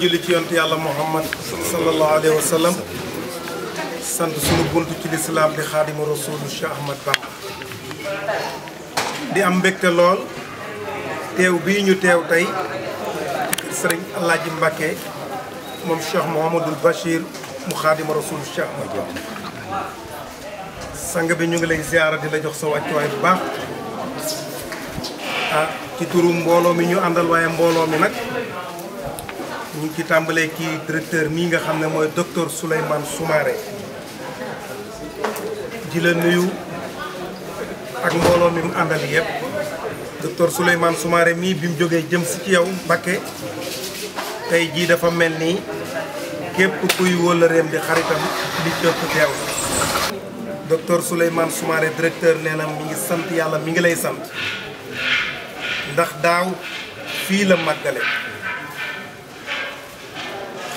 julli ci yonent yàlla muhammad sallallahu alayhi wa sallam sant sunu bunt ci lislaam di xaadima rasulu Cheikh Ahmad Bamba di am mbégte lool teew bii ñu teew tey laaj Alaaji Mbàkke moom Cheikh Mouhamadul Bachir mu xaadima rasulu Cheikh Ahmad sang bi ñu ngi lay ziyaara di la jox sa wàccuwaay bu baax ah, ci turu mbooloo mi ñu àndal waaye mbooloo mi nag ñu ngi ci tàmbalee ki directeur mii nga xam ne mooy docteur Souleymane Soumaré ji la nuyu ak mbooloo mi mu àndal yëpp docteur Souleymane Soumaré mii bi mu jógee jëm si ci yow Mbacké tey jii dafa mel ni képp kuy wóllëreem di xaritam li cëpp teew docteur Souleymane Soumaré directeur nee na mi ngi sant yàlla mi ngi lay sant ndax daaw fii la màggale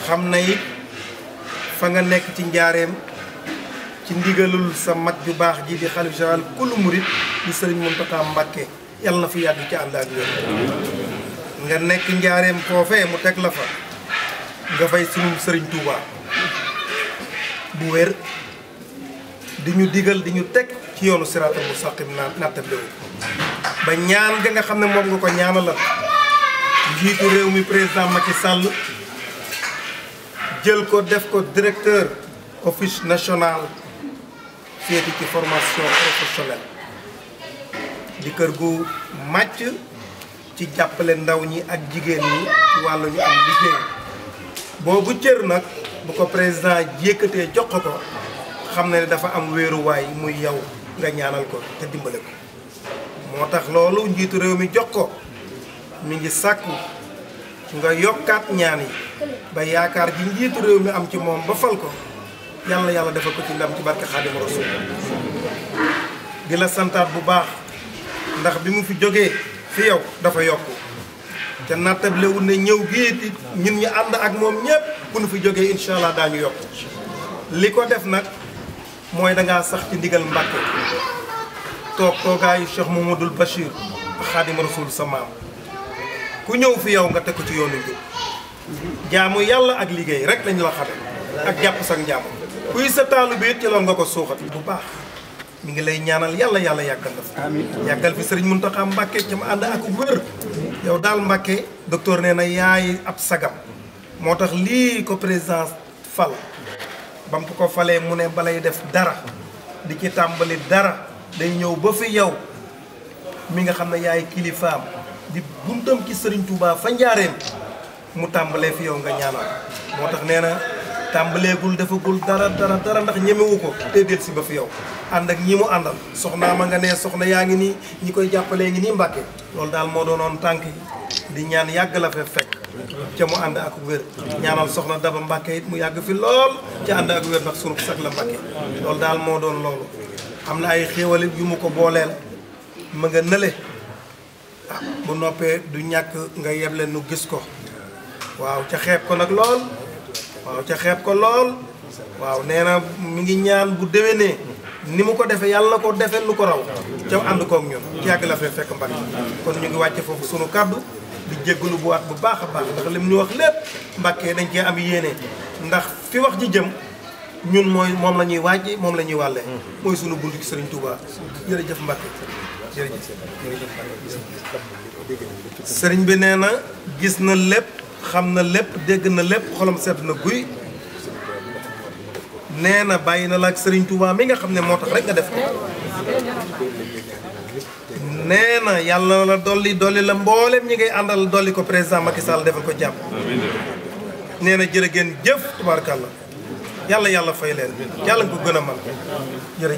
xam na it fa nga nekk ci njaareem ci ndigalul sa mag ju baax ji di xalif général kullu murit di sëriñ Mountakha Mbacké yàlla na fi yàgg ci ànd ak nga nekk njaareem foofee mu teg la fa nga fay sunum sëriñ Touba bu wér di ñu digal di ñu teg ci yoonu siraatal mustaqim naa nattabliwu ba ñaan ga nga xam ne moom nga ko ñaanalal njiitu réew mi président ma Macky Sall jël ko def ko directeur office national féeti ci formation professionnelle di kër gu màcc ci jàppale ndaw ñi ak jigéen ñi ci wàllu ñu am liggéey boobu cër nag bu ko président yëkkatee jox ko xam na ne dafa am wéeruwaay muy yow nga ñaanal ko te dimbale ko moo tax loolu njiitu réew mi jox ko mi ngi sàkku nga yokkaat ñaan yi ba yaakaar ji njiitu réew mi am ci moom ba fal ko yàlla yàlla dafa ko ci ndam ci barke Xaadimu Rasuul di la santaat bu baax ndax bi mu fi jógee fi yow dafa yokk te nattablewul ne ñëw géeti ñun ñu ànd ak moom ñëpp bu nu fi jógee incha allah daañu yokk li ko def nag mooy danga sax ci ndigal Mbàkke toog toogaayu Cheikh Mamadul Bachir Xaadimu Rasuul sa maam ku ñëw fi yow nga teg ko ci yoonu njub jaamu yàlla ak liggéey rek lañ la xamee ak jàpp sax jaamu kuy sa taalibe it ci loolu nga ko suuxat bu baax mu ngi lay ñaanal yàlla yàlla yàggal la fi yàggal fi sëriñ mun Muntaxa Mbàkke ci ma ànd ak wér yow daal Mbàkke docteur nee na yaay ab sagam moo tax lii ko président fal ba mu ko falee mu ne balay def dara di ci tàmbali dara day ñëw ba fi yow mi nga xam ne yaay kilifaam di buntam ci sëriñ tuubaa fa njaareem mu tàmbalee fi yow nga ñaanal moo tax nee na tàmbaleegul defagul dara dara dara ndax ñemewu ko te del ba fi yow ànd ak ñi mu àndal soxnaa ma nga nee soxna yaa ngi nii ñi koy jàppalee ngi nii Mbàkke loolu daal moo doonoon tànk yi di ñaan yàgg la fa fekk ca mu ànd ak wér ñaanal soxna Daba Mbàkke it mu yàgg fi lool ca ànd ak wér ndax sunu sag la Mbàkke loolu daal moo doon loolu am na ay xéewal yu mu ko booleel ma nga nële ah, bu noppee du ñàkk nga yeble nu gis ko waaw ca xeeb ko nag lool waaw ca xeeb ko lool waaw nee na mu ngi ñaan bu déwénee ni mu ko defee yàlla na ko defee lu ko raw ca ànd kook ñun ci yàgg la fee fekk mbari kon ñu ngi wàcce foofu sunu kàddu di jéggalu bu waat bu baax a baax ndax lim ñu wax lépp mbàkkee dañ cee am yéene ndax fi wax ji jëm ñun mooy moom la ñuy wàcce moom la ñuy wàllee mooy sunu bunt ci Sëriñ Tuubaa jërëjëf Mbàkke jërëjëf sëriñ bi nee na gis na lépp xam na lépp dégg na lépp xolam sedd na guy nee na bàyyi na la ak Serigne Touba mi nga xam ne moo tax rek nga def ko nee na yàlla la dolli dolli la mboolem ñi ngay àndal dolli ko président Macky Sall defal ko jàmm nee na jërë ngeen jëf tubaarkàlla yàlla yàlla fay leen yàlla nga gën a man jërë